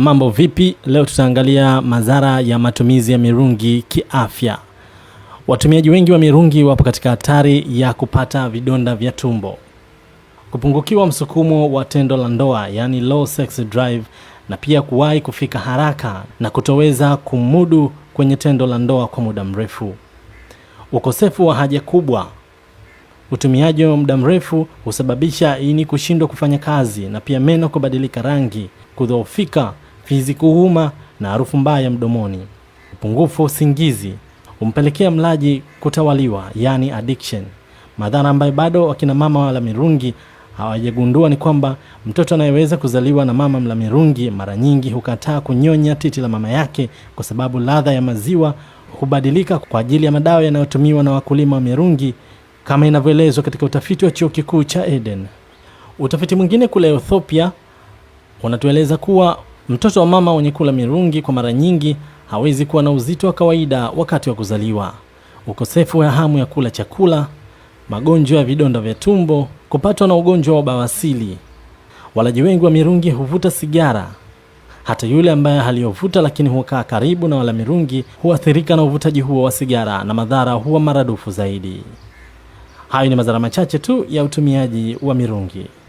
Mambo vipi? Leo tutaangalia madhara ya matumizi ya mirungi kiafya. Watumiaji wengi wa mirungi wapo katika hatari ya kupata vidonda vya tumbo, kupungukiwa msukumo wa tendo la ndoa, yani low sex drive, na pia kuwahi kufika haraka na kutoweza kumudu kwenye tendo la ndoa kwa muda mrefu. Ukosefu wa haja kubwa. Utumiaji wa muda mrefu husababisha ini kushindwa kufanya kazi na pia meno kubadilika rangi, kudhoofika fizi kuuma na harufu mbaya mdomoni. Upungufu wa usingizi humpelekea mlaji kutawaliwa, yani addiction. Madhara ambayo bado wakina mama wala mirungi hawajagundua ni kwamba mtoto anayeweza kuzaliwa na mama mla mirungi mara nyingi hukataa kunyonya titi la mama yake kwa sababu ladha ya maziwa hubadilika kwa ajili ya madawa yanayotumiwa na wakulima wa mirungi kama inavyoelezwa katika utafiti wa chuo kikuu cha Eden. Utafiti mwingine kule Ethiopia unatueleza kuwa Mtoto wa mama mwenye kula mirungi kwa mara nyingi hawezi kuwa na uzito wa kawaida wakati wa kuzaliwa. Ukosefu wa hamu ya kula chakula, magonjwa ya vidonda vya tumbo, kupatwa na ugonjwa wa bawasili. Walaji wengi wa mirungi huvuta sigara. Hata yule ambaye aliyovuta lakini hukaa karibu na wala mirungi huathirika na uvutaji huo wa sigara na madhara huwa maradufu zaidi. Hayo ni madhara machache tu ya utumiaji wa mirungi.